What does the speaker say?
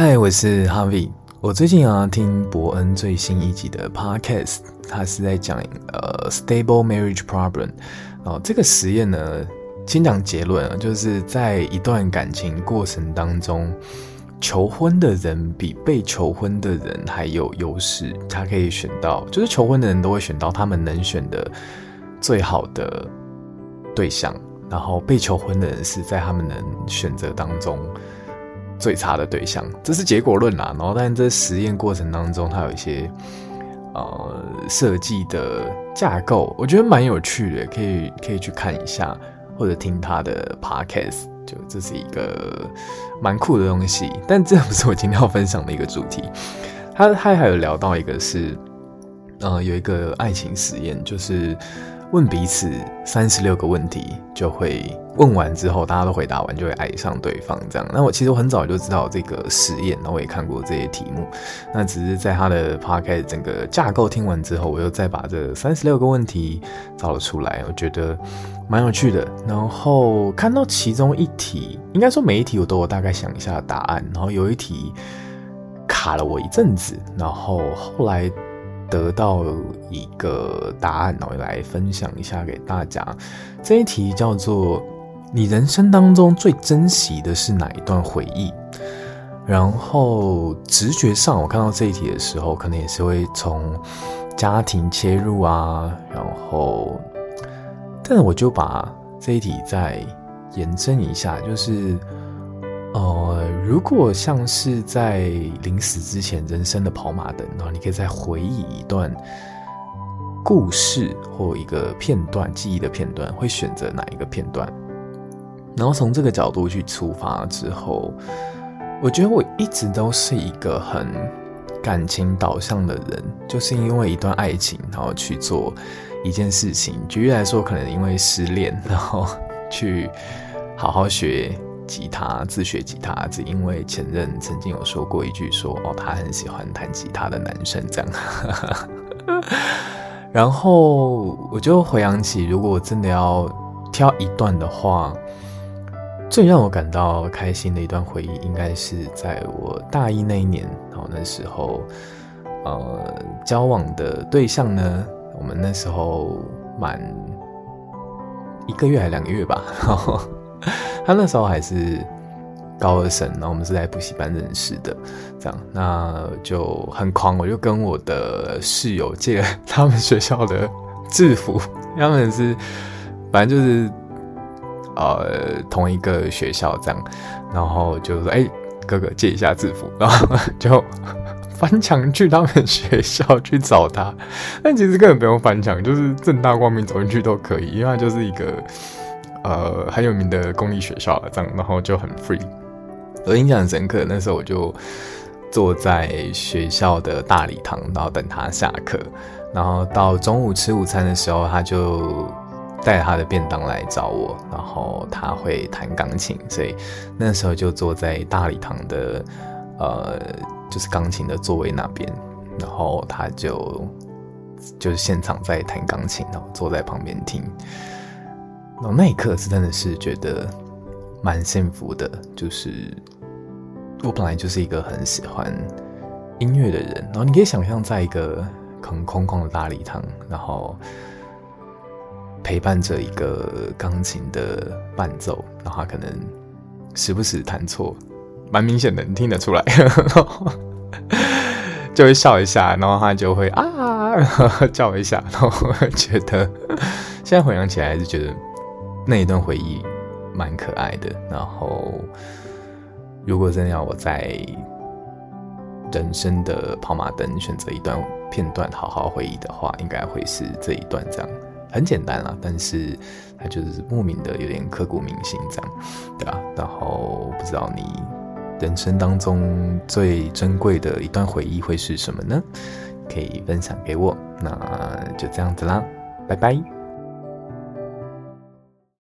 嗨，我是 Harvie。我最近啊聽博恩最新一集的 Podcast，他是在講呃 Stable Marriage Problem。哦，這個實驗呢，先講結論啊，就是在一段感情過程當中，求婚的人比被求婚的人還有優勢。他可以選到，就是求婚的人都會選到他們能選的最好的對象，然後被求婚的人是在他們能選擇當中，最差的對象，這是結果論啦、啊、然後，但在實驗過程當中，它有一些呃設計的架構，我覺得蠻有趣的，可以可以去看一下，或者聽他的 podcast。就這是一個蠻酷的東西，但這不是我今天要分享的一個主題。他他還有聊到一個是，嗯、呃，有一個愛情實驗，就是。問彼此三十六個問題，就會問完之後，大家都回答完，就會愛上對方。這樣。那我其實很早就知道這個實驗，我也看過這些題目。那只是在他的 podcast 整個架構聽完之後，我又再把這三十六個問題找了出來，我覺得蠻有趣的。然後看到其中一題，應該說每一題我都有大概想一下答案。然後有一題卡了我一陣子，然後後來。得到一個答案，我來分享一下給大家。這一題叫做“你人生當中最珍惜的是哪一段回憶？”然後直覺上，我看到這一題的時候，可能也是會從家庭切入啊。然後，但我就把這一題再延伸一下，就是。呃，如果像是在臨死之前人生的跑馬燈的話，然後你可以再回憶一段故事或一個片段記憶的片段，會選擇哪一個片段？然後從這個角度去出發之後，我覺得我一直都是一個很感情導向的人，就是因為一段愛情，然後去做一件事情。舉例來說，可能因為失戀，然後去好好學。吉他，自學吉他，只因為前任曾經有說過一句說哦，他很喜歡彈吉他的男生這樣。 然後我就回想起，如果我真的要挑一段的話，最讓我感到開心的一段回憶，應該是在我大一那一年。然後，哦，那時候，呃，交往的對象呢，我們那時候滿一個月還兩個月吧，哦他那時候還是高二生，然後我們是在補習班認識的，這樣，那就很狂。我就跟我的室友借他們學校的制服，因為他們是反正就是呃同一個學校這樣，然後就說：“哎、欸，哥哥借一下制服。”然後就翻牆去他們學校去找他。但其實根本不用翻牆，就是正大光明走進去都可以，因為他就是一個。呃，很有名的公立學校，啊，這樣然後就很 free。我印象很深刻，那時候我就坐在學校的大禮堂，然後等他下課。然後到中午吃午餐的時候，他就帶他的便當來找我。然後他會彈鋼琴，所以那時候就坐在大禮堂的呃，就是鋼琴的座位那邊。然後他就就是現場在彈鋼琴，然後坐在旁邊聽。然後那一刻是真的是覺得蠻幸福的，就是我本來就是一個很喜歡音樂的人。然後你可以想象，在一個很空曠的大禮堂，然後陪伴着一個鋼琴的伴奏，然後他可能時不時彈錯，蠻明顯能聽得出來，呵呵就會笑一下，然後他就會啊叫一下，然後覺得現在回想起來還是覺得。那一段回憶蠻可愛的，然後如果真的要我在人生的跑馬燈選擇一段片段好好回憶的話，應該會是這一段這樣，很簡單啦，但是它就是莫名的有點刻骨銘心這樣，對吧，啊？然後不知道你人生當中最珍貴的一段回憶會是什麼呢？可以分享給我，那就這樣子啦，拜拜。